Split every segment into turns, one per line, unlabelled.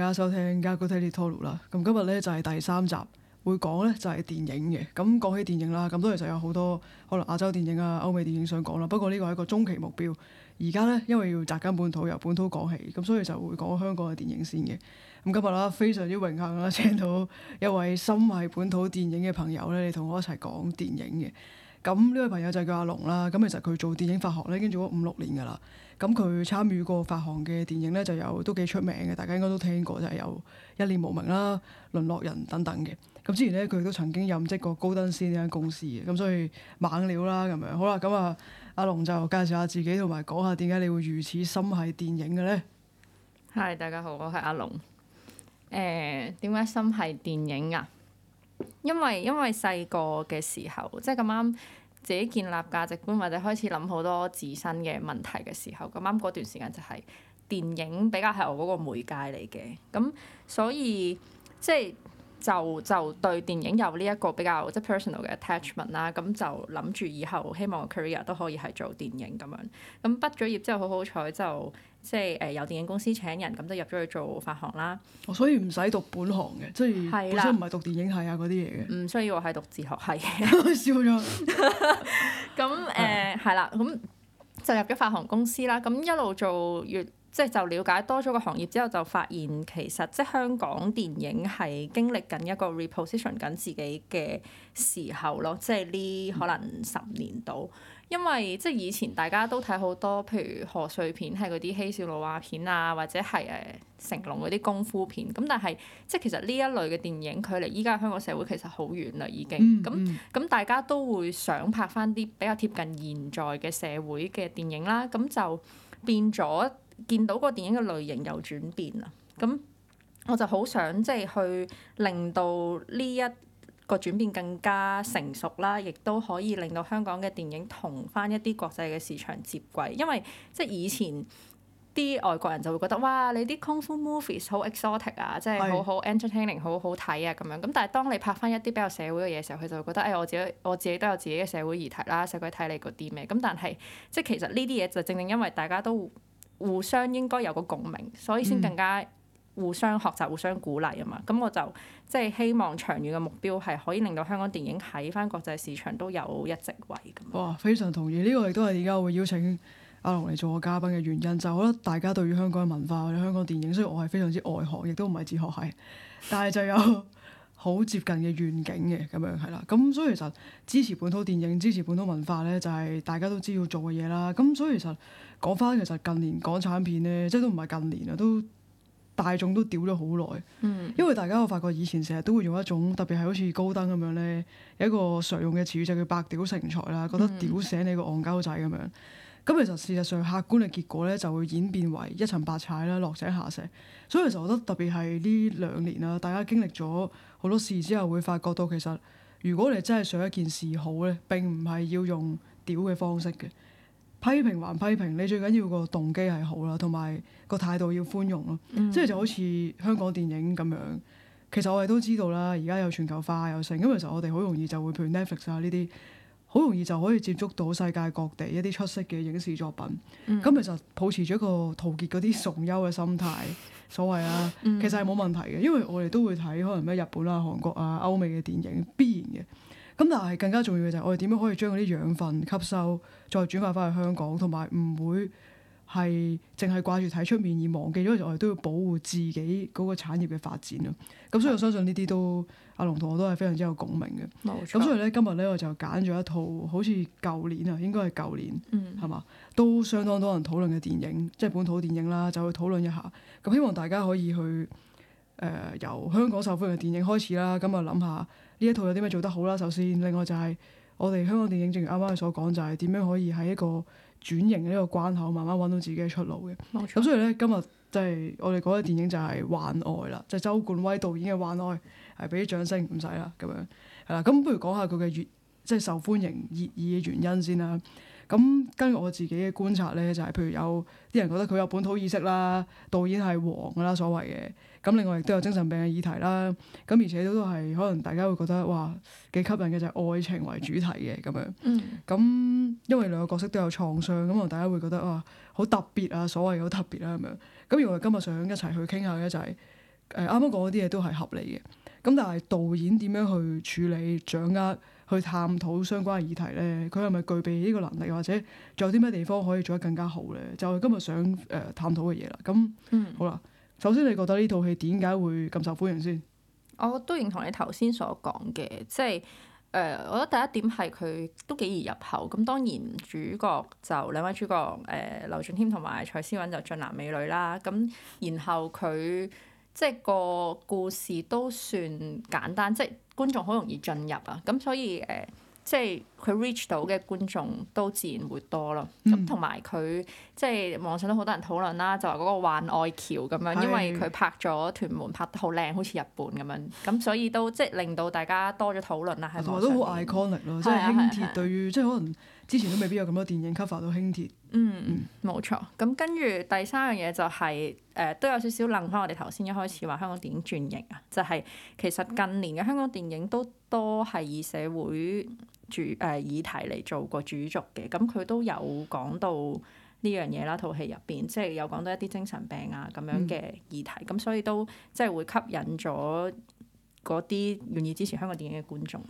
大家收聽《Argoty Tolo》啦，咁今日咧就係第三集，會講咧就係電影嘅。咁講起電影啦，咁當然就有好多可能亞洲電影啊、歐美電影想講啦。不過呢個係一個中期目標，而家咧因為要紮根本土，由本土講起，咁所以就會講香港嘅電影先嘅。咁今日啦，非常之榮幸啊，請到一位深繫本土電影嘅朋友咧，你同我一齊講電影嘅。咁呢位朋友就叫阿龍啦。咁其實佢做電影發行咧，已經做咗五六年噶啦。咁佢參與過發行嘅電影呢，就有都幾出名嘅，大家應該都聽過，就係、是、有《一念無名》啦，《淪落人》等等嘅。咁之前呢，佢都曾經任職過高登斯呢間公司嘅。咁所以猛料啦，咁樣好啦。咁啊，阿龍就介紹下自己，同埋講下點解你會如此心係電影嘅呢？
係，大家好，我係阿龍。誒、欸，點解心係電影啊？因為因為細個嘅時候，即係咁啱，自己建立價值觀或者開始諗好多自身嘅問題嘅時候，咁啱嗰段時間就係電影比較係我嗰個媒介嚟嘅，咁所以即係。就就對電影有呢一個比較即係 personal 嘅 attachment 啦，咁就諗住以後希望 career 都可以係做電影咁樣。咁畢咗業之後好好彩，就即係誒有電影公司請人，咁就入咗去做發行啦。
哦，所以唔使讀本行嘅，即係本身唔係讀電影系啊嗰啲嘢嘅。
唔需要我係讀自學係。笑咗。咁誒係啦，咁、呃啊、就入咗發行公司啦，咁一路做越。即係就了解多咗個行業之後，就發現其實即係香港電影係經歷緊一個 reposition 緊自己嘅時候咯。即係呢可能十年度，因為即係以前大家都睇好多，譬如賀歲片係嗰啲嬉笑怒罵片啊，或者係誒成龍嗰啲功夫片。咁但係即係其實呢一類嘅電影，距離依家香港社會其實好遠啦，已經。咁咁、嗯嗯、大家都會想拍翻啲比較貼近現在嘅社會嘅電影啦。咁就變咗。見到個電影嘅類型有轉變啊，咁我就好想即係去令到呢一個轉變更加成熟啦，亦都可以令到香港嘅電影同翻一啲國際嘅市場接軌，因為即係以前啲外國人就會覺得哇，你啲功夫 movies 好 exotic 啊，是即係好好 entertaining，好好睇啊咁樣。咁但係當你拍翻一啲比較社會嘅嘢時候，佢就會覺得誒、哎，我自己我自己都有自己嘅社會議題啦，使鬼睇你嗰啲咩？咁但係即係其實呢啲嘢就正正因為大家都。互相應該有個共鳴，所以先更加互相學習、互相鼓勵啊嘛。咁我就即係希望長遠嘅目標係可以令到香港電影喺翻國際市場都有一席位。
哇！非常同意，呢、呢個亦都係而家我會邀請阿龍嚟做我嘉賓嘅原因，就係、我覺得大家對於香港嘅文化或者香港電影，雖然我係非常之外行，亦都唔係自學係，但係就有好接近嘅願景嘅咁樣係啦。咁所以其實支持本土電影、支持本土文化呢，就係大家都知要做嘅嘢啦。咁所以其實。講翻其實近年港產片咧，即係都唔係近年啦，都大眾都屌咗好耐。嗯，因為大家會發覺以前成日都會用一種特別係好似高登咁樣咧，有一個常用嘅詞就叫白屌成才啦，覺得屌醒你個戇鳩仔咁樣。咁其實事實上客觀嘅結果咧，就會演變為一層白踩啦，落井下石。所以其實我覺得特別係呢兩年啦，大家經歷咗好多事之後，會發覺到其實如果你真係想一件事好咧，並唔係要用屌嘅方式嘅。批評還批評，你最緊要個動機係好啦，同埋個態度要寬容咯。嗯、即係就好似香港電影咁樣，其實我哋都知道啦。而家有全球化又盛，咁其實我哋好容易就會譬如 Netflix 啊呢啲，好容易就可以接觸到世界各地一啲出色嘅影視作品。咁、嗯嗯、其實抱持咗一個陶傑嗰啲崇優嘅心態，所謂啊，其實係冇問題嘅，因為我哋都會睇可能咩日本啊、韓國啊、歐美嘅電影，必然嘅。咁但係更加重要嘅就係我哋點樣可以將嗰啲養分吸收，再轉化翻去香港，同埋唔會係淨係掛住睇出面而忘記咗，我哋都要保護自己嗰個產業嘅發展咯。咁所以我相信呢啲都的阿龍同我都係非常之有共鳴嘅。咁冇錯所以咧今日咧我就揀咗一套好似舊年啊，應該係舊年，係嘛、嗯，都相當多人討論嘅電影，即係本土電影啦，就去討論一下。咁希望大家可以去。誒、呃、由香港受歡迎嘅電影開始啦，咁啊諗下呢一套有啲咩做得好啦。首先，另外就係我哋香港電影，正如啱啱你所講，就係點樣可以喺一個轉型嘅一個關口，慢慢揾到自己嘅出路嘅。咁冇錯。所以咧，今日即係我哋講嘅電影就係《幻愛》啦，就係、是、周冠威導演嘅《幻愛》，呃，係俾啲掌聲，唔使啦咁樣。係啦，咁不如講下佢嘅即係受歡迎熱議嘅原因先啦。咁根據我自己嘅觀察咧，就係、是、譬如有啲人覺得佢有本土意識啦，導演係黃㗎啦所謂嘅，咁另外亦都有精神病嘅議題啦，咁而且都都係可能大家會覺得哇，幾吸引嘅就係愛情為主題嘅咁樣，咁、嗯、因為兩個角色都有創傷，咁啊大家會覺得哇，好特別啊所謂好特別啦、啊、咁樣，咁而我哋今日想一齊去傾下嘅就係誒啱啱講嗰啲嘢都係合理嘅，咁但係導演點樣去處理掌握？去探討相關嘅議題呢，佢係咪具備呢個能力，或者仲有啲咩地方可以做得更加好呢？就係、是、今日想誒探討嘅嘢啦。咁、嗯、好啦，首先你覺得呢套戲點解會咁受歡迎先？我都
認同你頭先所講嘅，即係、呃、我覺得第一點係佢都幾易入口。咁當然主角就兩位主角誒、呃，劉俊謙同埋蔡思韻就俊男美女啦。咁然後佢即係個故事都算簡單，即係。觀眾好容易進入啊，咁所以誒、呃，即係佢 reach 到嘅觀眾都自然會多咯。咁同埋佢即係網上都好多人討論啦，就話嗰個幻愛橋咁樣，是因為佢拍咗屯門拍得好靚，好似日本咁樣，咁所以都即係令到大家多咗討論啦，係咪、啊。我都好 iconic 咯，即係輕鐵
對於即係可能。之前都未必有咁多電影吸 o 到興鐵。嗯，冇、嗯、錯。咁跟住
第三樣嘢就係、是，誒、呃、都有少少諗翻我哋頭先一開始話香港電影轉型啊，就係、是、其實近年嘅香港電影都多係以社會主誒、呃、議題嚟做個主軸嘅，咁佢都有講到呢樣嘢啦，套戲入邊即係有講到一啲精神病啊咁樣嘅議題，咁、嗯、所以都即係會吸引咗嗰
啲願意支持香港電影嘅觀眾。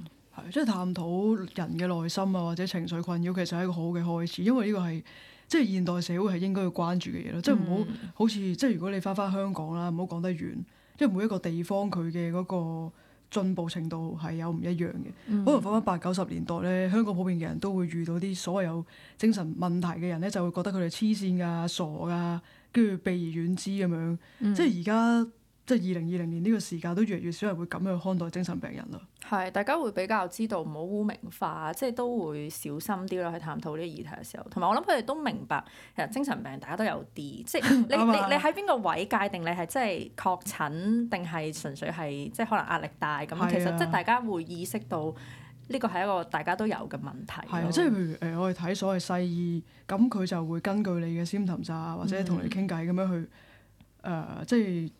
即係探討人嘅內心啊，或者情緒困擾，其實係一個好嘅開始，因為呢個係即係現代社會係應該要關注嘅嘢咯。即係唔好好似即係如果你翻翻香港啦，唔好講得遠，因為每一個地方佢嘅嗰個進步程度係有唔一樣嘅。嗯、可能翻翻八九十年代咧，香港普遍嘅人都會遇到啲所謂有精神問題嘅人咧，就會覺得佢哋黐線㗎、傻㗎、啊，跟住避而遠之咁樣。嗯、即係而家。即係二零二零年呢個時間，都越嚟越少人會咁樣看待精神病人啦。
係，大家會比較知道，唔好污名化，即係都會小心啲咯，去探討呢啲議題嘅時候，同埋我諗佢哋都明白，其實精神病大家都有啲， 即係你你你喺邊個位界定你係即係確診，定係純粹係即係可能壓力大咁。啊、其實即係大家會意識到呢個係一個大家都有嘅問題。係啊，即
係譬如誒、呃，我哋睇所謂西醫，咁佢就會根據你嘅心 y m 啊，或者同你傾偈咁樣去誒、呃，即係。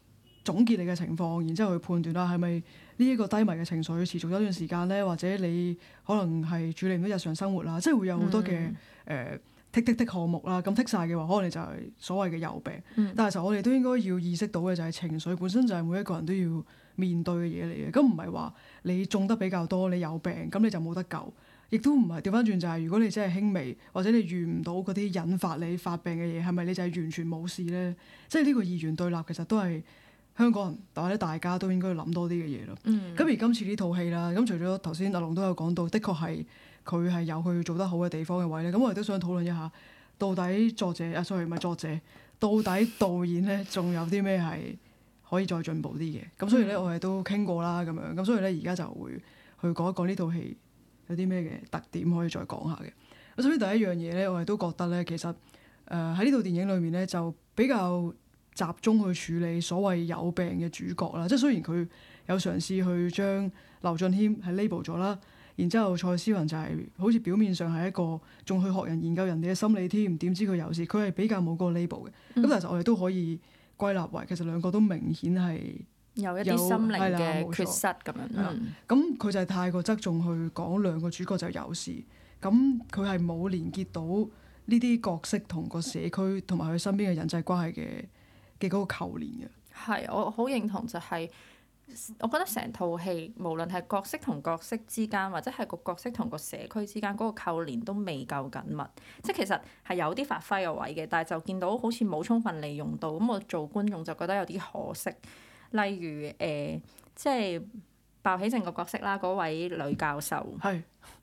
總結你嘅情況，然之後去判斷啦，係咪呢一個低迷嘅情緒持續咗一段時間咧？或者你可能係處理唔到日常生活啦，即係會有好多嘅誒、嗯呃、剔剔剔項目啦。咁剔晒嘅話，可能你就係所謂嘅有病。嗯、但係其實我哋都應該要意識到嘅就係情緒本身就係每一個人都要面對嘅嘢嚟嘅。咁唔係話你中得比較多，你有病咁你就冇得救。亦都唔係調翻轉就係，如果你真係輕微，或者你遇唔到嗰啲引發你發病嘅嘢，係咪你就係完全冇事咧？即係呢個二元對立其實都係。香港人但係大家都應該諗多啲嘅嘢咯。咁、嗯、而今次呢套戲啦，咁除咗頭先阿龍都有講到，的確係佢係有佢做得好嘅地方嘅位咧。咁、嗯、我哋都想討論一下，到底作者啊，sorry，唔係作者，到底導演咧，仲有啲咩係可以再進步啲嘅？咁、嗯、所以咧，我哋都傾過啦，咁樣。咁所以咧，而家就會去講一講呢套戲有啲咩嘅特點可以再講下嘅。咁首先第一樣嘢咧，我哋都覺得咧，其實誒喺呢套電影裏面咧，就比較，集中去處理所謂有病嘅主角啦，即係雖然佢有嘗試去將劉俊謙係 label 咗啦，然之後蔡思韻就係、是、好似表面上係一個仲去學人研究人哋嘅心理添，點知佢有事，佢係比較冇個 label 嘅。咁、嗯、但其實我哋都可以歸納為其實兩個都明顯係
有，有一啲心理嘅啦缺失
咁錯樣啦。咁佢、嗯、就係太過側重去講兩個主角就有事，咁佢係冇連結到呢啲角色同個社區同埋佢身邊嘅人際關係嘅。嘅嗰個扣連呀，
係我好認同、就是，就係我覺得成套戲無論係角色同角色之間，或者係個角色同個社區之間嗰、那個扣連都未夠緊密，即係其實係有啲發揮嘅位嘅，但係就見到好似冇充分利用到，咁我做觀眾就覺得有啲可惜。例如誒、呃，即係鮑起靜個角色啦，嗰位女教授，係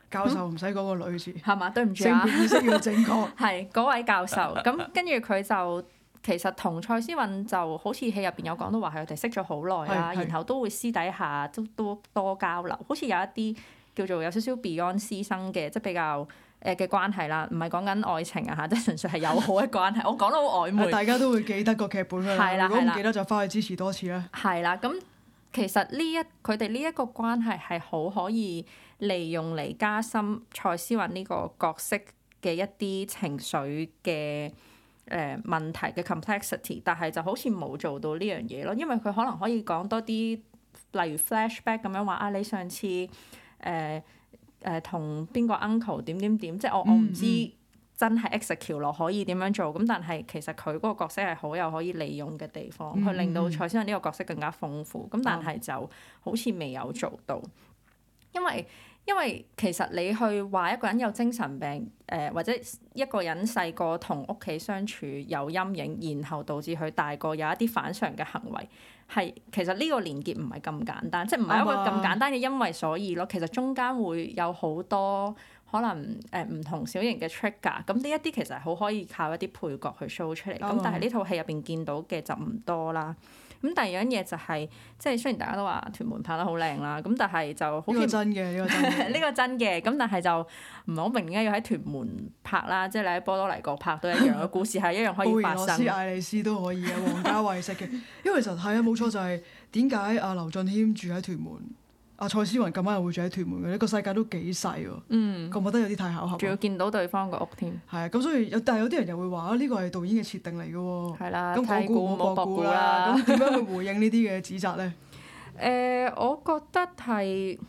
教授唔使講個女字，係嘛、嗯？對唔住啊，意識要正確，係嗰位教授。咁跟住佢就。其實同蔡思韻就好似戲入邊有講到話係佢哋識咗好耐啦，是是然後都會私底下都都多交流，好似有一啲叫做有少少 beyond 師生嘅，即係比較誒嘅、呃、關係啦，唔係講緊愛情啊嚇，即係純粹係友好嘅關係。 我講得好曖昧，大家都會
記得個劇本㗎啦。啦啦如果唔記得就翻去支持多次啦。
係啦，咁其實呢一佢哋呢一個關係係好可以利用嚟加深蔡思韻呢個角色嘅一啲情緒嘅。誒、呃、問題嘅 complexity，但係就好似冇做到呢樣嘢咯，因為佢可能可以講多啲，例如 flashback 咁樣話啊，你上次誒誒同邊個 uncle 點點點，即係我我唔知真係 execute 可以點樣做，咁但係其實佢嗰個角色係好有可以利用嘅地方，去令到蔡先生呢個角色更加豐富，咁但係就好似未有做到，因為。因為其實你去話一個人有精神病，誒、呃、或者一個人細個同屋企相處有陰影，然後導致佢大個有一啲反常嘅行為，係其實呢個連結唔係咁簡單，即係唔係一個咁簡單嘅因為所以咯。其實中間會有好多可能誒唔同小型嘅 trigger，咁呢一啲其實好可以靠一啲配角去 show 出嚟。咁但係呢套戲入邊見到嘅就唔多啦。咁第二樣嘢就係、是，即係雖然大家都話屯門拍得好靚啦，咁但係就好個真嘅呢、呢個真，嘅，咁但係就唔係好明顯啊，要喺屯門拍啦，即係你喺波多黎各拍都一樣嘅 故事係一樣可以發生。布宜諾斯艾
利斯都可以啊，王家衛式嘅， 因為其實係啊，冇錯就係點解啊劉俊謙住喺屯門？阿蔡思雲咁啱又會住喺屯門嘅，呢、這個世界都幾細喎。嗯，覺唔覺得有啲太巧合？仲要見到對方個屋添。係啊，咁所以有，但係有啲人又會話呢個係導演嘅設定嚟嘅喎。係的、嗯、啦，咁博古冇博古啦，咁點樣去回應呢啲嘅指責咧？
誒、呃，我覺得係誒、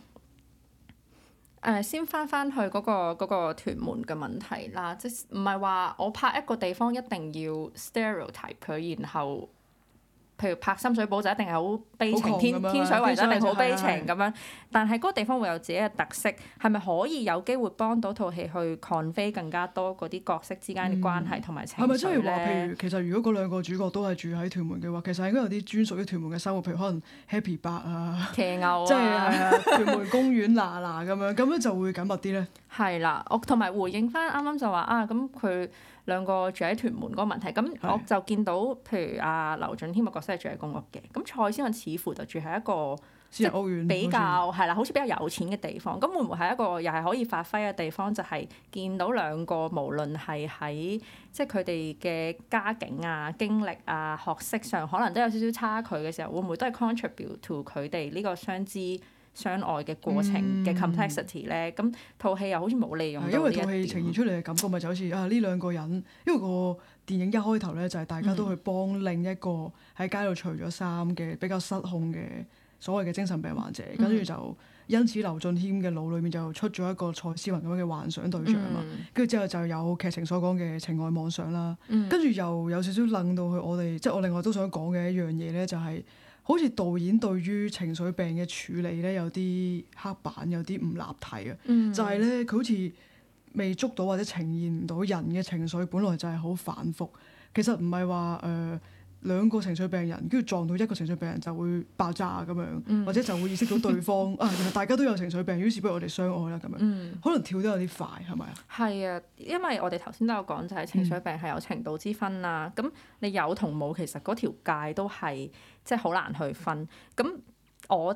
呃、先翻翻去嗰個屯門嘅問題啦，即係唔係話我拍一個地方一定要 stereotype 佢，然後。譬如拍《深水埗》就一定係好悲情，天天水圍，一定好悲情咁樣。但係嗰個地方會有自己嘅特色，係咪可以有機會幫到套戲去 convey 更加多嗰啲角色之間嘅關係同埋情緒？係咪即係話，譬、嗯、如
其實如果嗰兩個主角都係住喺屯門嘅話，其實應該有啲專屬於屯門嘅生活，譬如可能 Happy 八啊、騎牛啊、 屯門公園嗱嗱咁樣，咁樣就會緊密啲咧。係啦，我同埋回應
翻啱啱就話啊，咁佢。兩個住喺屯門嗰個問題，咁我就見到，譬如阿劉俊謙嘅角色係住喺公屋嘅，咁蔡思韻似乎就住喺一個即比較係啦像，好似比較有錢嘅地方。咁會唔會係一個又係可以發揮嘅地方？就係、是、見到兩個無論係喺即係佢哋嘅家境啊、經歷啊、學識上，可能都有少少差距嘅時候，會唔會都係 contribute to 佢哋呢個相知？相愛嘅過程嘅 complexity 咧，咁套戲又好似冇利用到呢一點。因為套戲
呈現出嚟嘅感覺、就是，咪就好似啊呢兩個人，因為個電影一開頭咧就係大家都去幫另一個喺街度除咗衫嘅比較失控嘅所謂嘅精神病患者，嗯、跟住就因此劉俊謙嘅腦裏面就出咗一個蔡思韻咁樣嘅幻想對象嘛。嗯、跟住之後就有劇情所講嘅情愛妄想啦。嗯、跟住又有少少冷到去我哋，即、就、係、是、我另外都想講嘅一樣嘢咧，就係。好似導演對於情緒病嘅處理咧，有啲刻板，有啲唔立體啊！嗯、就係咧，佢好似未捉到或者呈現唔到人嘅情緒，本來就係好反覆，其實唔係話誒。呃兩個情緒病人，跟住撞到一個情緒病人就會爆炸咁樣，嗯、或者就會意識到對方 啊，原來大家都有情緒病，於是不如我哋相愛啦咁樣。嗯、可能跳得有啲快，係咪啊？
係啊，因為我哋頭先都有講，就係情緒病係有程度之分啦。咁、嗯、你有同冇，其實嗰條界都係即係好難去分。咁我。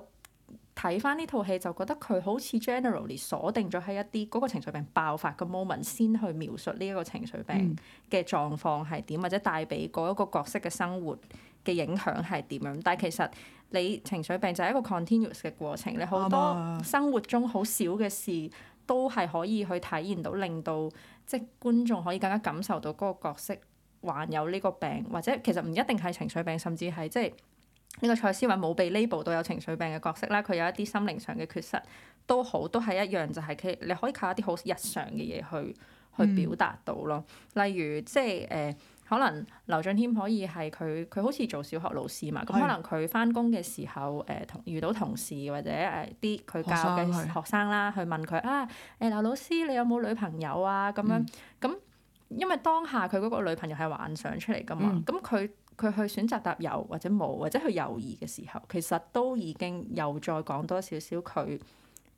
睇翻呢套戲就覺得佢好似 generally 鎖定咗喺一啲嗰個情緒病爆發嘅 moment 先去描述呢一個情緒病嘅狀況係點，或者帶俾嗰一個角色嘅生活嘅影響係點樣。但係其實你情緒病就係一個 continuous 嘅過程，你好多生活中好少嘅事都係可以去體現到，令到即係觀眾可以更加感受到嗰個角色患有呢個病，或者其實唔一定係情緒病，甚至係即係。呢個蔡思韻冇被 label 到有情緒病嘅角色啦，佢有一啲心靈上嘅缺失都好，都係一樣就係、是、佢你可以靠一啲好日常嘅嘢去、嗯、去表達到咯。例如即係誒、呃，可能劉俊謙可以係佢佢好似做小學老師嘛，咁的可能佢翻工嘅時候誒同、呃、遇到同事或者誒啲佢教嘅學生啦，生去問佢啊誒、欸，劉老師你有冇女朋友啊咁樣？咁、嗯、因為當下佢嗰個女朋友係幻想出嚟噶嘛，咁佢、嗯。嗯佢去選擇答有或者冇，或者去猶疑嘅時候，其實都已經又再講多少
少佢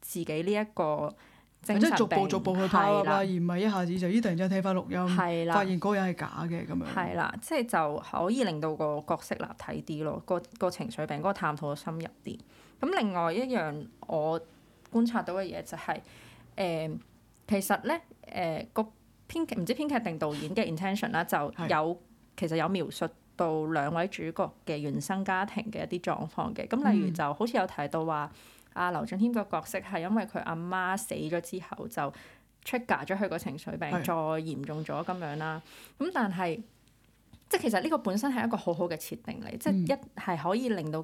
自己呢一個精神
病，即係逐步逐步去睇啦，的而唔係
一下子就咦突然之間聽翻錄音，的發現嗰樣係假嘅咁樣。係啦的，
即係就是、可以令到個角色立體啲咯。個、那個情緒病嗰、那個探討深入啲。咁另外一樣我觀察到嘅嘢就係、是、誒、呃，其實咧誒個編劇唔知編劇定導演嘅 intention 啦，就有的其實有描述。到兩位主角嘅原生家庭嘅一啲狀況嘅，咁例如就好似有提到話，阿劉俊謙個角色係因為佢阿媽死咗之後就 trigger 咗佢個情緒病再嚴重咗咁樣啦，咁但係即係其實呢個本身係一個好好嘅設定嚟，即係、嗯、一係可以令到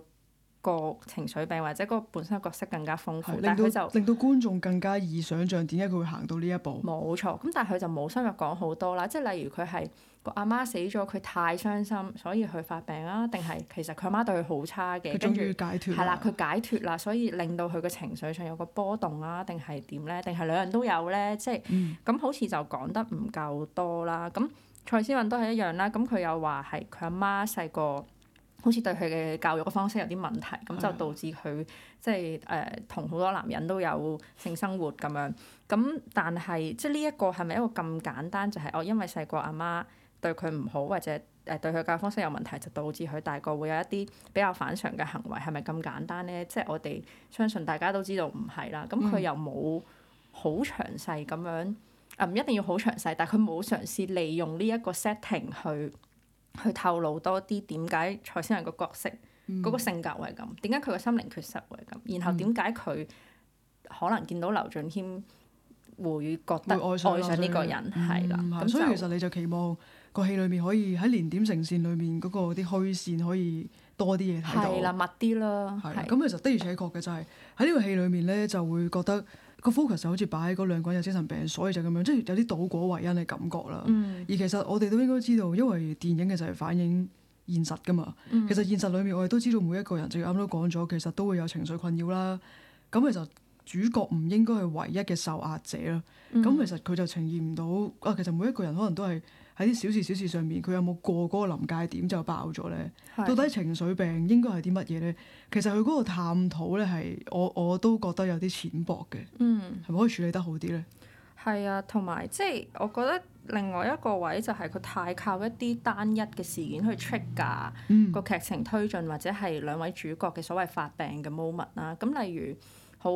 個情緒病或者個本身角色更加
豐富，但佢就令到，令到觀眾更加易想像點解佢會行到呢一步。冇錯，咁但係佢
就冇深入講好多啦，即係例如佢係個阿媽死咗，佢太傷心，所以佢發病啦，定係其實佢阿媽對佢好差嘅，佢終於解脫，係啦，佢後解脫啦，所以令到佢個情緒上有個波動啊，定係點咧？定係兩樣都有咧？即係咁好似就講得唔夠多啦。咁蔡思韻都係一樣啦。咁佢又話係佢阿媽細個。好似對佢嘅教育嘅方式有啲問題，咁就導致佢即係誒同好多男人都有性生活咁樣。咁但係即係呢一個係咪一個咁簡單？就係、是、我、哦、因為細個阿媽對佢唔好，或者誒、呃、對佢教育方式有問題，就導致佢大個會有一啲比較反常嘅行為？係咪咁簡單咧？即、就、係、是、我哋相信大家都知道唔係啦。咁佢又冇好詳細咁樣，誒唔、嗯啊、一定要好詳細，但係佢冇嘗試利用呢一個 setting 去。去透露多啲點解蔡思韻個角色嗰個性格為咁，點解佢個心靈缺失為咁，然後點解佢可能見到劉俊謙會覺得愛上呢個人係啦。咁所以其實
你就期望個戲裏面可以喺連點成線裏面嗰個啲虛線可以多啲嘢睇到。係啦，密啲啦，係咁其實的而且確嘅就係喺呢個戲裏面咧，就會覺得。個 focus 好似擺喺嗰兩個人有精神病，所以就咁樣，即係有啲倒果為因嘅感覺啦。嗯、而其實我哋都應該知道，因為電影其實係反映現實㗎嘛。嗯、其實現實裡面，我哋都知道每一個人，正如啱都講咗，其實都會有情緒困擾啦。咁其實主角唔應該係唯一嘅受壓者啦。咁、嗯、其實佢就呈現唔到啊。其實每一個人可能都係。喺啲小事小事上面，佢有冇過嗰個臨界點就爆咗咧？是的 到底情緒病應該係啲乜嘢咧？其實佢嗰個探討咧，係我我都覺得有啲淺薄嘅。嗯，係咪可以處理得好啲咧？
係啊，同埋即係我覺得另外一個位就係佢太靠一啲單一嘅事件去 trigger 嗰個劇情推進或者係兩位主角嘅所謂發病嘅 moment 啦。咁例如好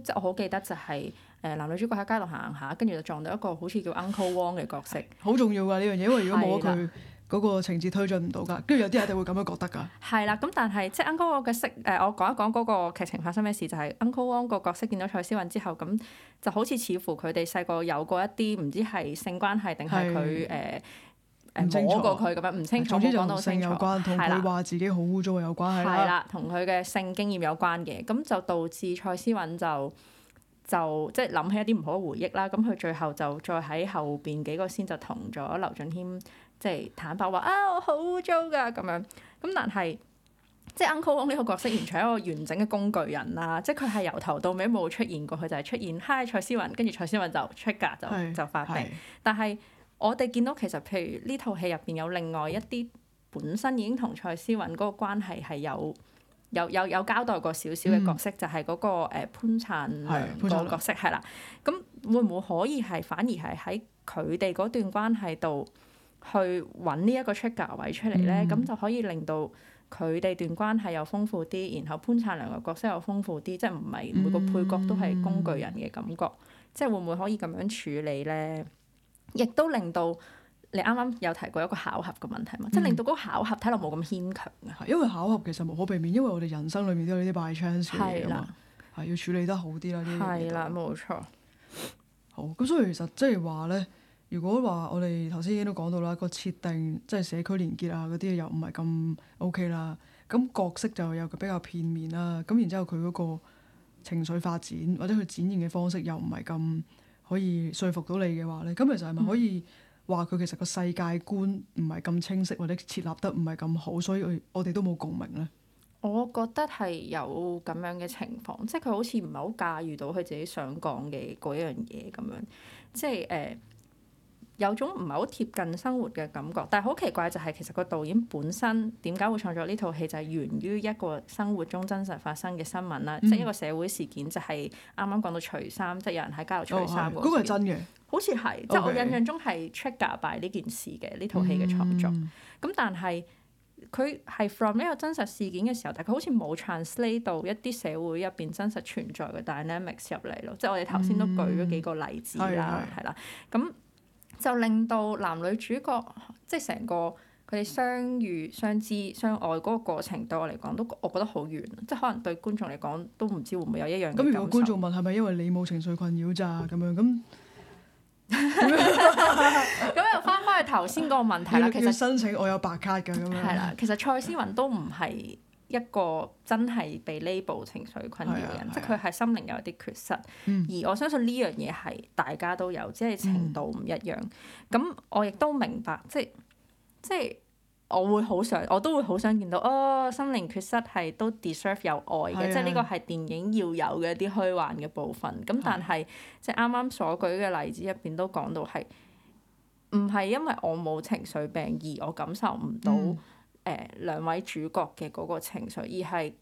即係我好記得就係、是。誒男女主角喺街度行下，跟住就撞到一個好似叫
Uncle Wong 嘅角色。好、嗯、重要㗎呢樣嘢，因為如果冇咗佢嗰個情節推進唔到㗎。跟住有啲人一定會咁樣覺得㗎。
係啦，咁但係即係 Uncle Wong 嘅色誒、呃，我講一講嗰個劇情發生咩事就係、是、Uncle Wong 個角色見到蔡思韻之後，咁就好似似乎佢哋細個有過一啲唔知係性關係定係佢誒誒摸過佢咁樣，唔清楚。總之講到性有關，同佢話
自己好污糟有關係啦。係啦，同
佢嘅性經驗有關嘅，咁就導致蔡思韻就。就即係諗起一啲唔好嘅回憶啦，咁佢最後就再喺後邊幾個先就同咗劉俊謙即係坦白話啊，我好污糟㗎咁樣，咁但係即係 Uncle Wong 呢 Un 個角色完全 係一個完整嘅工具人啦，即係佢係由頭到尾冇出現過，佢就係出現，hi 蔡思韻，跟住蔡思韻就 trigger 就就發病，是是但係我哋見到其實譬如呢套戲入邊有另外一啲本身已經同蔡思韻嗰個關係係有。有有有交代過少少嘅角色，嗯、就係嗰個潘燦良個角色，係啦。咁會唔會可以係反而係喺佢哋嗰段關係度去揾呢一個 trigger 位出嚟咧？咁、嗯、就可以令到佢哋段關係又豐富啲，然後潘燦良嘅角色又豐富啲，即係唔係每個配角都係工具人嘅感覺，嗯、即係會唔會可以咁樣處理咧？亦都令到。你啱啱有提過一個巧合嘅問題嘛？嗯、即係令到嗰個巧合睇落冇咁
牽強嘅。因為巧合其實無可避免，因為我哋人生裡面都有呢啲 by chance 嘅嘛。係要處理得好啲啦，呢啲嘢。係啦，冇錯。好咁，所以其實即係話咧，如果話我哋頭先已經都講到啦，個設定即係、就是、社區連結啊嗰啲又唔係咁 OK 啦，咁、那個、角色就有佢比較片面啦。咁然之後佢嗰個情緒發展或者佢展現嘅方式又唔係咁可以說服到你嘅話咧，咁其實係咪可以、嗯？話佢其實個世界觀唔係咁清晰，或者設立得唔係咁好，所以我哋都冇共鳴咧。
我覺得係有咁樣嘅情況，即係佢好似唔係好駕馭到佢自己想講嘅嗰一樣嘢咁樣，即係誒。Uh, 有種唔係好貼近生活嘅感覺，但係好奇怪就係其實個導演本身點解會創作呢套戲，就係源於一個生活中真實發生嘅新聞啦，即係一個社會事件，就係啱啱講到除衫，即係有人喺街度除衫嗰個。嗰個係真嘅。好似係，即係我印象中係 trigger by 呢件事嘅呢套戲嘅創作。咁但係佢係 from 呢個真實事件嘅時候，但係佢好似冇 translate 到一啲社會入邊真實存在嘅 dynamics 入嚟咯。即係我哋頭先都舉咗幾個例子啦，係啦，咁。就令到男女主角即係成個佢哋相遇、相知、相愛嗰個過程，對我嚟講都我覺得好遠，即係可能對觀眾嚟講都唔知會唔會有一樣。咁如果觀眾
問係咪因為你冇情緒困擾咋咁樣咁？
咁 又返返去頭先嗰個問題啦。其實 申
請我有白卡㗎咁樣。係啦， 其實
蔡思韻都唔係。一個真係被 label 情緒困擾嘅人，啊啊、即係佢係心靈有啲缺失，嗯、而我相信呢樣嘢係大家都有，只、就、係、是、程度唔一樣。咁、嗯、我亦都明白，即係即係我會好想，我都會好想見到哦。心靈缺失係都 deserve 有愛嘅，啊、即係呢個係電影要有嘅一啲虛幻嘅部分。咁但係、啊、即係啱啱所舉嘅例子入邊都講到係唔係因為我冇情緒病而我感受唔到、嗯。誒兩位主角嘅嗰個情緒，而係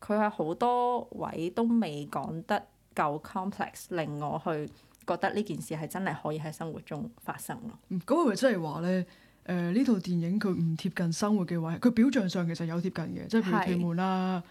佢喺好多位都未講得夠 complex，令我去覺得呢件事係真係可以喺生活中
發生咯。咁係咪即係話咧？誒呢套電影佢唔貼近生活嘅位，佢表象上其實有貼近嘅，即係譬如屯門啦、啊，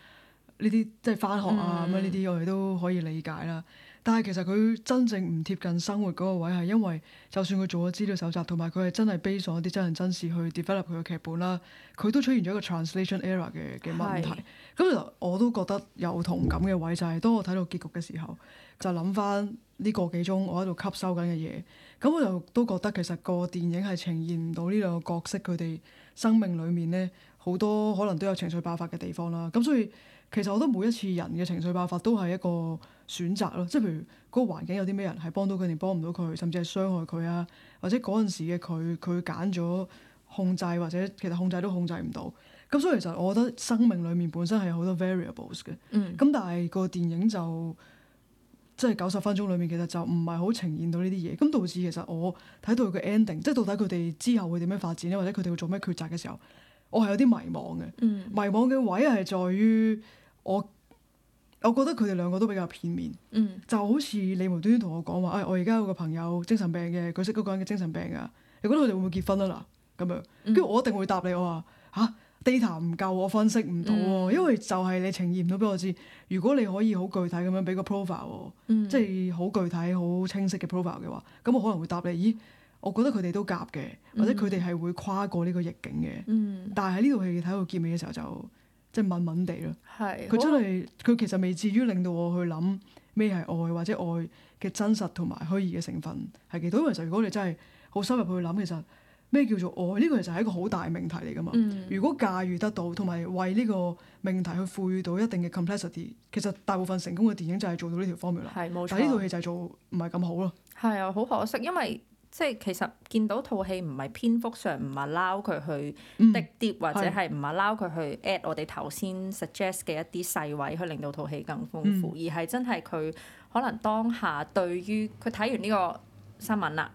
呢啲即係返學啊咁呢啲，嗯、我哋都可以理解啦。但係其實佢真正唔貼近生活嗰個位係因為就算佢做咗資料搜集同埋佢係真係 based on 一啲真人真事去 develop 佢嘅劇本啦，佢都出現咗一個 translation error 嘅嘅問題。咁是我都覺得有同感嘅位就係、是、當我睇到結局嘅時候，就諗翻呢個幾鐘我喺度吸收緊嘅嘢。咁我就都覺得其實個電影係呈現唔到呢兩個角色佢哋生命裡面咧好多可能都有情緒爆發嘅地方啦。咁所以。其實我覺得每一次人嘅情緒爆發都係一個選擇咯，即係譬如嗰個環境有啲咩人係幫到佢定幫唔到佢，甚至係傷害佢啊，或者嗰陣時嘅佢佢揀咗控制，或者其實控制都控制唔到。咁所以其實我覺得生命裡面本身係有好多 variables 嘅。咁、嗯、但係個電影就即係九十分鐘裏面其實就唔係好呈現到呢啲嘢，咁導致其實我睇到佢 ending，即係到底佢哋之後會點樣發展咧，或者佢哋會做咩抉擇嘅時候，我係有啲迷茫嘅。嗯、迷茫嘅位係在於。我我覺得佢哋兩個都比較片面，嗯、就好似你無端端同我講話，誒、哎，我而家有個朋友精神病嘅，佢識嗰個人嘅精神病噶，你覺得佢哋會唔會結婚啊？嗱，咁樣，跟住、嗯、我一定會答你，我話嚇 data 唔夠，我分析唔到，嗯、因為就係你呈現唔到俾我知。如果你可以好具體咁樣俾個 profile，即係好、嗯、具體、好清晰嘅 profile 嘅話，咁我可能會答你，咦，我覺得佢哋都夾嘅，或者佢哋係會跨過呢個逆境嘅。嗯、但係喺呢套戲睇到結尾嘅時候就。即係敏敏地咯，
佢是真係
佢好其實未至於令到我去諗咩係愛或者愛嘅真實同埋虛擬嘅成分係幾多，因為其實如果你真係好深入去諗，其實咩叫做愛呢個其實係一個好大嘅命題嚟噶嘛。嗯、如果駕馭得到同埋為呢個命題去賦予到一定嘅 complexity，其實大部分成功嘅電影就係做到呢條方面啦。但係呢套戲就係做唔係咁好咯。
係啊，好可惜，因為。即係其實見到套戲唔係篇幅上唔係撈佢去滴跌，嗯、或者係唔係撈佢去 at 我哋頭先 suggest 嘅一啲細位去令到套戲更豐富，嗯、而係真係佢可能當下對於佢睇完呢個新聞啦，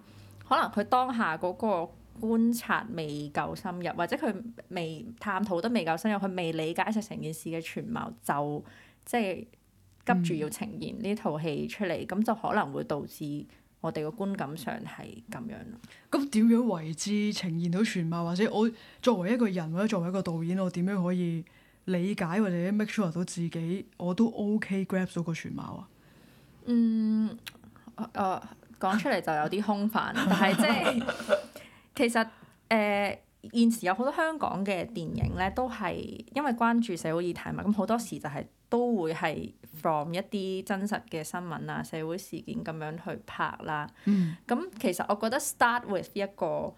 可能佢當下嗰個觀察未夠深入，或者佢未探討得未夠深入，佢未理解曬成件事嘅全貌，就即係急住要呈現呢套戲出嚟，咁、嗯嗯、就可能會導致。我哋個觀感上係咁樣
咯。嗯，咁點樣為之呈現到全貌，或者我作為一個人或者作為一個導演，我點樣可以理解或者 make sure 到自己我都 OK grab 到個全貌啊？嗯，
誒講出嚟就有啲空泛， 但係即係其實誒。呃現時有好多香港嘅電影咧，都係因為關注社會議題嘛，咁好多時就係都會係 from 一啲真實嘅新聞啊、社會事件咁樣去拍啦。嗯。咁其實我覺得 start with 一個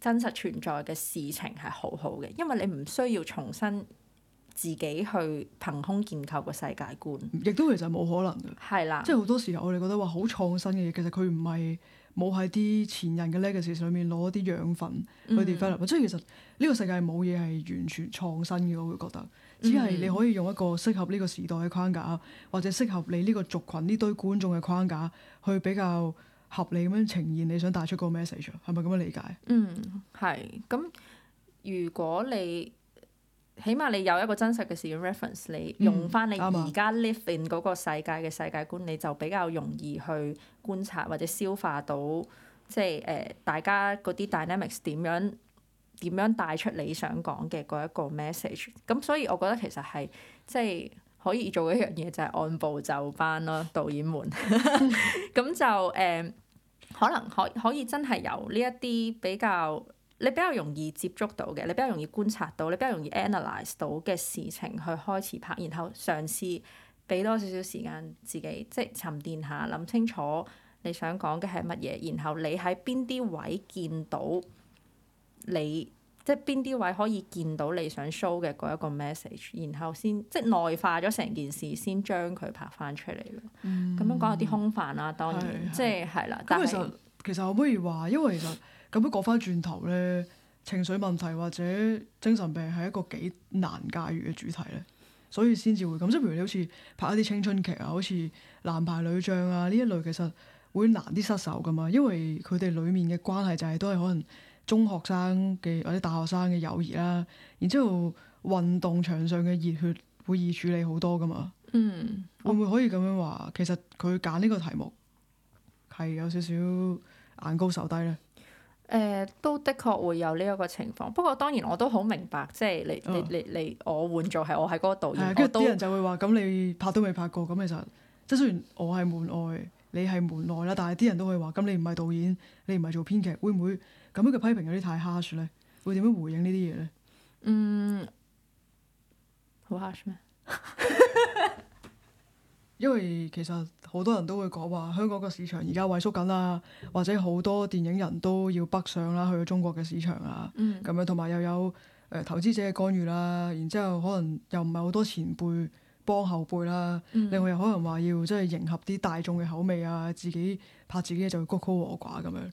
真實存在嘅事情係好好嘅，因為你唔需要重新自己去憑空建構個世界觀。亦都其實冇可能㗎。係啦的。即係好
多時候，我哋覺得話好創新嘅嘢，其實佢唔係。冇喺啲前人嘅 legacy 上面攞啲養分去 develop，即係其實呢個世界冇嘢係完全創新嘅，我會覺得，只係你可以用一個適合呢個時代嘅框架，或者適合你呢個族群呢堆觀眾嘅框架，去比較合理咁樣呈現你想帶出個 message，係咪咁樣理解？
嗯，
係。咁
如果你起碼你有一個真實嘅事件 reference，你用翻你而家 live in 嗰個世界嘅世界觀，嗯、你就比較容易去觀察或者消化到、就是，即係誒大家嗰啲 dynamics 點樣點樣帶出你想講嘅嗰一個 message。咁所以我覺得其實係即係可以做一樣嘢就係按部就班咯，導演們。咁 就誒、呃、 可能可可以真係由呢一啲比較。你比較容易接觸到嘅，你比較容易觀察到，你比較容易 analyse 到嘅事情去開始拍，然後嘗試俾多少少時間自己，即係沉澱下，諗清楚你想講嘅係乜嘢，然後你喺邊啲位見到你，即係邊啲位可以見到你想 show 嘅嗰一個 message，然後先即係內化咗成件事，先將佢拍翻出嚟咯。嗯、咁樣講有啲空泛啦，當然、嗯嗯、即係係啦，但係。
其實可唔可以話，因為其實咁樣講翻轉頭咧，情緒問題或者精神病係一個幾難駕馭嘅主題咧，所以先至會咁。即係譬如你好似拍一啲青春劇啊，好似男排女將啊呢一類，其實會難啲失手噶嘛，因為佢哋裡面嘅關係就係都係可能中學生嘅或者大學生嘅友誼啦。然之後運動場上嘅熱血會易處理好多噶嘛。嗯，會唔會可以咁樣話？嗯，其實佢揀呢個題目係有少少，眼高手低咧，
誒、呃、都的確會有呢一個情況。不過當然我都好明白，即、就、係、是、你、哦、你
你你，我換做係我喺嗰個導演，跟住啲人就會話：咁你拍都未拍過，咁其實即係雖然我係門外，你係門內啦，但係啲人都會話：咁你唔係導演，你唔係做編劇，會唔會咁樣嘅批評有啲太 harsh 咧？會點樣回應呢啲嘢咧？嗯，好 harsh 咩？ 因為其實。好多人都會講話香港嘅市場而家萎縮緊啦，或者好多電影人都要北上啦，去中國嘅市場啊，咁樣同埋又有誒、呃、投資者嘅干預啦，然之後可能又唔係好多前輩幫後輩啦，嗯、另外又可能話要即係迎合啲大眾嘅口味啊，自己拍自己嘢就會曲高和寡咁樣。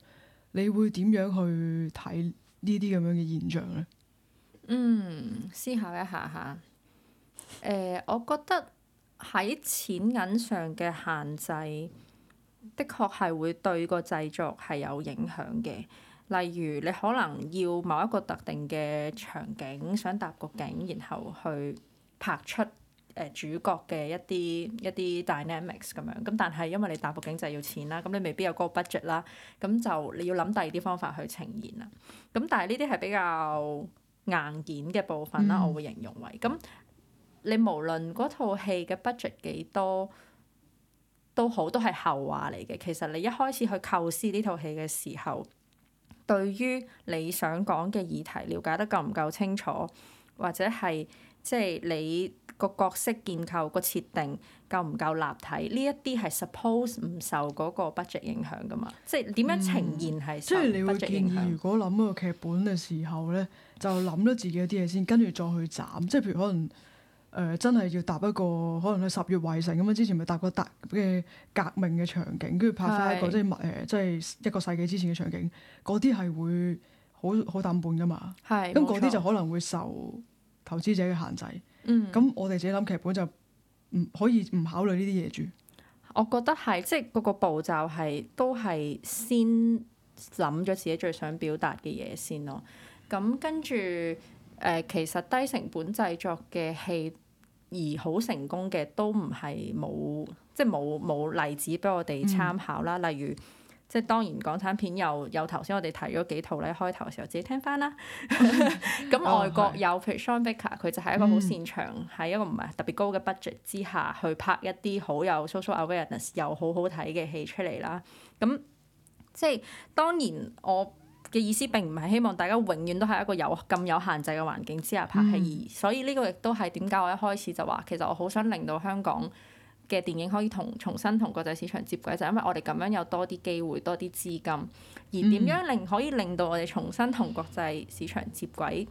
你會點樣去睇呢啲咁樣嘅現象
咧？嗯，思考一下下。誒、呃，我覺得。喺錢銀上嘅限制，的確係會對個製作係有影響嘅。例如，你可能要某一個特定嘅場景，想搭個景，然後去拍出誒主角嘅一啲一啲 dynamics 咁樣。咁但係因為你搭個景就要錢啦，咁你未必有嗰個 budget 啦。咁就你要諗第二啲方法去呈現啦。咁但係呢啲係比較硬件嘅部分啦，我會形容為咁。嗯你無論嗰套戲嘅 budget 幾多都好，都係後話嚟嘅。其實你一開始去構思呢套戲嘅時候，嗯、對於你想講嘅議題了解得夠唔夠清楚，或者係即係你個角色建構個設定夠唔夠立體，呢一啲係 suppose 唔受嗰個 budget 影響噶嘛？即係點樣呈現係
受嗰個 budget 影響？所以、嗯、你會建議，如果諗個劇本嘅時候咧，就諗咗自己啲嘢先，跟住再去斬。即係譬如可能。誒、呃、真係要搭一個可能係十月圍城咁樣！之前咪搭過大嘅革命嘅場景，跟住拍翻一個是即係物即係一個世紀之前嘅場景，嗰啲係會好好淡本㗎嘛。係是，咁嗰啲就可能會受投資者嘅限制。嗯，咁我哋自己諗劇本就唔可以唔考慮呢啲嘢住。
我覺得係，即係嗰個步驟係都係先諗咗自己最想表達嘅嘢先咯。咁跟住。誒、呃、其實低成本製作嘅戲而好成功嘅都唔係冇，即係冇冇例子俾我哋參考啦。嗯、例如，即係當然港產片又有頭先我哋提咗幾套咧，開頭嘅時候自己聽翻啦。咁 外國有譬如 Sean Baker，佢就係一個好擅長喺，嗯、一個唔係特別高嘅 budget 之下去拍一啲好有 social awareness、又好好睇嘅戲出嚟啦。咁即係當然我。嘅意思並唔係希望大家永遠都喺一個有咁有限制嘅環境之下拍戲，嗯、所以呢個亦都係點解我一開始就話其實我好想令到香港嘅電影可以同重新同國際市場接軌，就是、因為我哋咁樣有多啲機會、多啲資金，而點樣令可以令到我哋重新同國際市場接軌？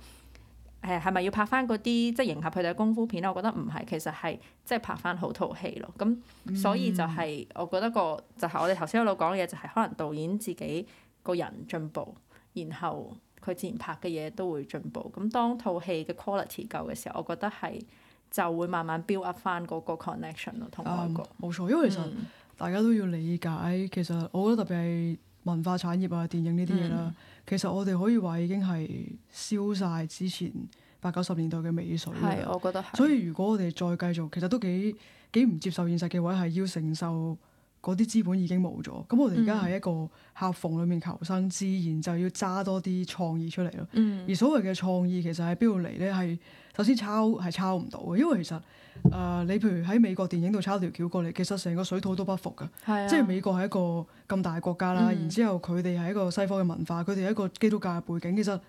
誒係咪要拍翻嗰啲即係迎合佢哋嘅功夫片咧？我覺得唔係，其實係即係拍翻好套戲咯。咁、嗯、所以就係我覺得個就係我哋頭先一路講嘅嘢，就係、是、可能導演自己個人進步。然後佢自然拍嘅嘢都會進步，咁當套戲嘅 quality 夠嘅時候，我覺得係就會慢慢 build up 翻嗰個 connection 咯，同埋
冇錯，因為其實大家都要理解，嗯、其實我覺得特別係文化產業啊、電影呢啲嘢啦，嗯、其實我哋可以話已經係燒晒之前八九十年代嘅尾水。係，我覺得係。所以如果我哋再繼續，其實都幾幾唔接受現實嘅話係要承受。嗰啲資本已經冇咗，咁我哋而家喺一個客房裏面求生，嗯、自然就要揸多啲創意出嚟咯。嗯、而所謂嘅創意其實喺邊度嚟呢？係首先抄係抄唔到嘅，因為其實誒、呃、你譬如喺美國電影度抄條橋過嚟，其實成個水土都不服㗎，啊、即係美國係一個咁大嘅國家啦。嗯、然之後佢哋係一個西方嘅文化，佢哋係一個基督教嘅背景，其實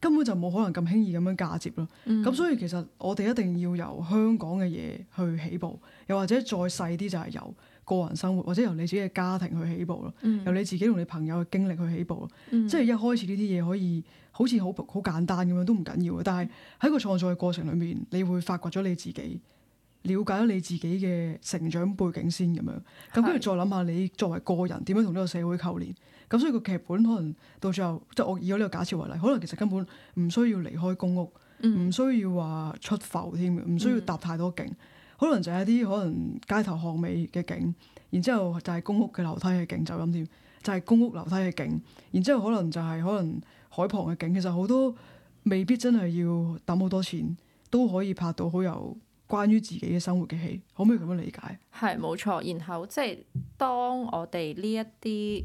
根本就冇可能咁輕易咁樣嫁接咯。咁、嗯、所以其實我哋一定要由香港嘅嘢去起步，又或者再細啲就係由個人生活，或者由你自己嘅家庭去起步咯，嗯、由你自己同你朋友嘅經歷去起步咯，嗯、即係一開始呢啲嘢可以好似好好簡單咁樣，都唔緊要嘅。但係喺個創作嘅過程裏面，你會發掘咗你自己，了解咗你自己嘅成長背景先咁樣。咁跟住再諗下你作為個人點樣同呢個社會扣連。咁所以個劇本可能到最後，即係我以咗呢個假設為例，可能其實根本唔需要離開公屋，嗯、唔需要話出埠添，唔需要搭太多景。可能就係一啲可能街頭巷尾嘅景，然之後就係公屋嘅樓梯嘅景，就咁添，就係公屋樓梯嘅景，然之後可能就係可能海旁嘅景，其實好多未必真係要抌好多錢都可以拍到好有關於自己嘅生活嘅戲，可唔可以咁樣理解？
係，冇錯，然後即係當我哋呢一啲。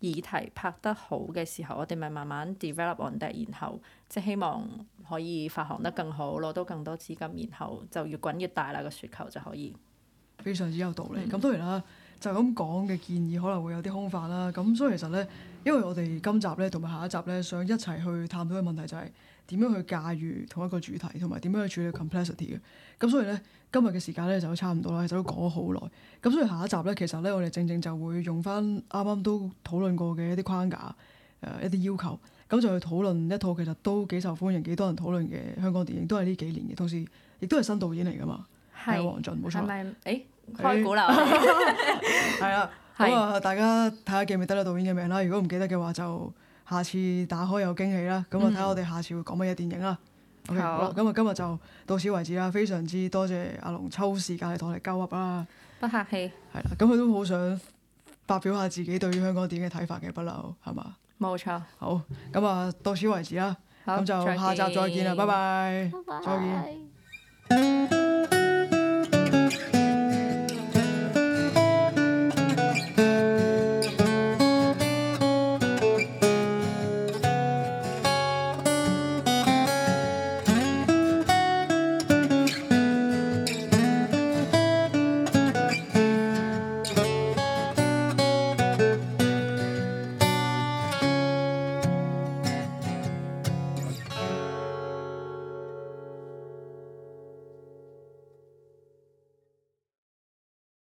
議題拍得好嘅時候，我哋咪慢慢 develop on 佢哋，然後即係希望可以發行得更好，攞到更多資金，然後就越滾越大啦、個雪球就可以。
非常之有道理。咁、嗯、當然啦，就咁講嘅建議可能會有啲空泛啦。咁所以其實呢，因為我哋今集呢，同埋下一集呢，想一齊去探討嘅問題就係、是。點樣去駕馭同一個主題，同埋點樣去處理 complexity 嘅？咁所以呢，今日嘅時間呢就差唔多啦，其實都講咗好耐。咁所以下一集呢，其實呢，我哋正正就會用翻啱啱都討論過嘅一啲框架，誒、呃、一啲要求，咁就去討論一套其實都幾受歡迎、幾多人討論嘅香港電影，都係呢幾年嘅，同時亦都係新導演嚟噶嘛，係黃是俊，冇錯，係
咪？誒，開估啦。
咁啊、欸，大家睇下記唔記得啦，導演嘅名啦。如果唔記得嘅話就。下次打開有驚喜啦，咁啊睇下我哋下次會講乜嘢電影啦。Okay? 好啦，咁啊今日就到此為止啦，非常之多謝阿龍抽時間同我哋交流啦。不客氣。係啦，咁佢都好想發表下自己對於香港電影嘅睇法嘅，不嬲係嘛？冇錯。好，咁啊到此為止啦，咁好就下集再見啦，再見拜拜。拜拜。再見。